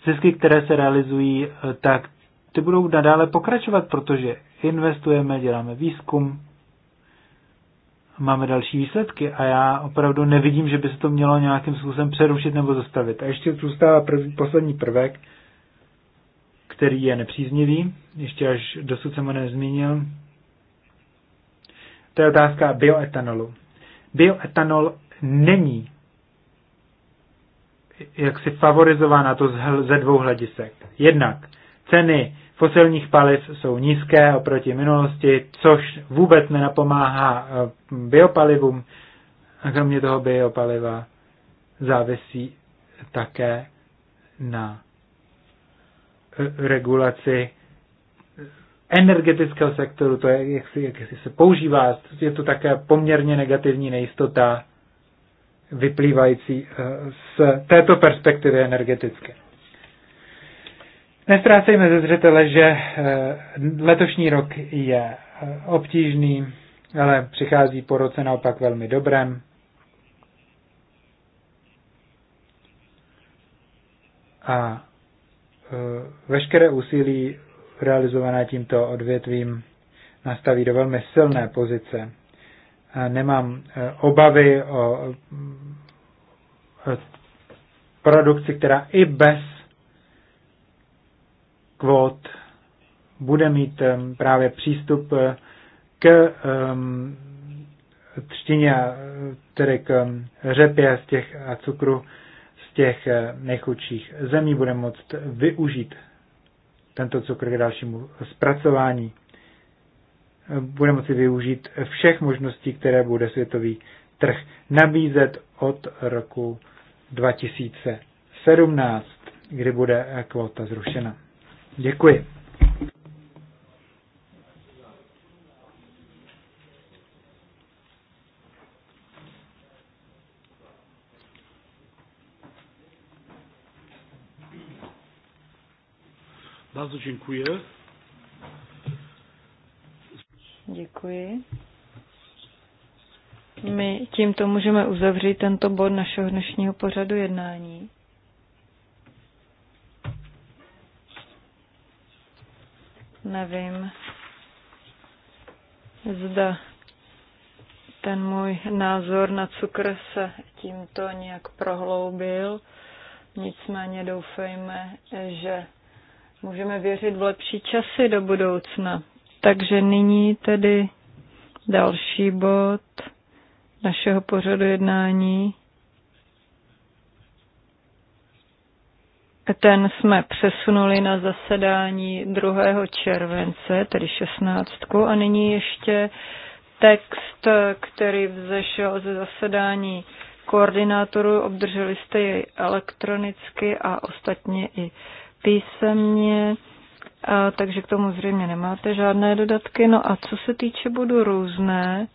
zisky, které se realizují, eh, tak ty budou nadále pokračovat, protože investujeme, děláme výzkum, máme další výsledky a já opravdu nevidím, že by se to mělo nějakým způsobem přerušit nebo zastavit. A ještě zůstává prv, poslední prvek, který je nepříznivý, ještě až dosud jsem ho nezmínil. To je otázka bioetanolu bioetanol není jaksi favorizována to ze dvou hledisek. Jednak ceny fosilních paliv jsou nízké oproti minulosti, což vůbec nenapomáhá eh, biopalivům. A kromě toho biopaliva závisí také na eh, regulaci energetického sektoru, to je, jak, si, jak si se používá, je tu také poměrně negativní nejistota vyplývající eh, z této perspektivy energetické. Nestrácejme ze zřetele, že eh, letošní rok je eh, obtížný, ale přichází po roce naopak velmi dobrém. A veškeré úsilí realizované tímto odvětvím nastaví do velmi silné pozice. Nemám e, obavy o e, produkci, která i bez kvót bude mít e, právě přístup k třtině, tedy k řepě z těch a cukru z těch nejchudších zemí, bude moct využít tento cukr k dalšímu zpracování. Bude moci využít všech možností, které bude světový trh nabízet od roku 2017, kdy bude kvota zrušena. Děkuji. bardzo dziękuję. Děkuji. My tímto můžeme uzavřít tento bod našeho dnešního pořadu jednání. Nevím, zda ten můj názor na cukr se tímto nějak prohloubil. Nicméně doufejme, že můžeme věřit v lepší časy do budoucna. Takže nyní tedy další bod našeho pořadu jednání. Ten jsme přesunuli na zasedání 2. července, tedy 16. A nyní ještě text, který vzešel ze zasedání koordinátorů. Obdrželi jste jej elektronicky a ostatně i písemně, a, takže k tomu zřejmě nemáte žádné dodatky. No a co se týče bodu různé,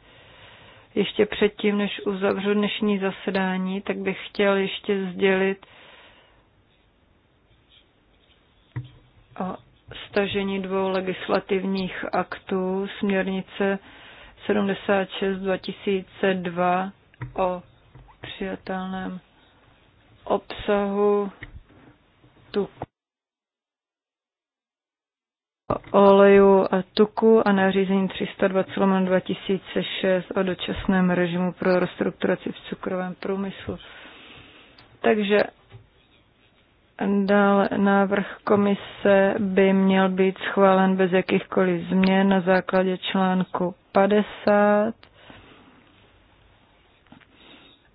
ještě předtím, než uzavřu dnešní zasedání, tak bych chtěl ještě sdělit o stažení dvou legislativních aktů směrnice 76 2002 o přijatelném obsahu tuku oleju a tuku a nařízení 320 2006 o dočasném režimu pro restrukturaci v cukrovém průmyslu. Takže dále návrh komise by měl být schválen bez jakýchkoliv změn na základě článku 50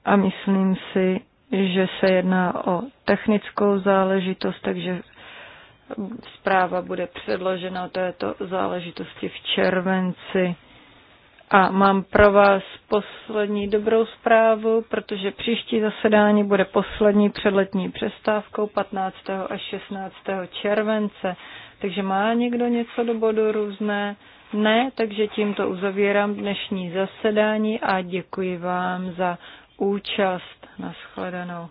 a myslím si, že se jedná o technickou záležitost, takže Zpráva bude předložena této záležitosti v červenci. A mám pro vás poslední dobrou zprávu, protože příští zasedání bude poslední předletní přestávkou 15. až 16. července. Takže má někdo něco do bodu různé? Ne, takže tímto uzavírám dnešní zasedání a děkuji vám za účast. Naschledanou.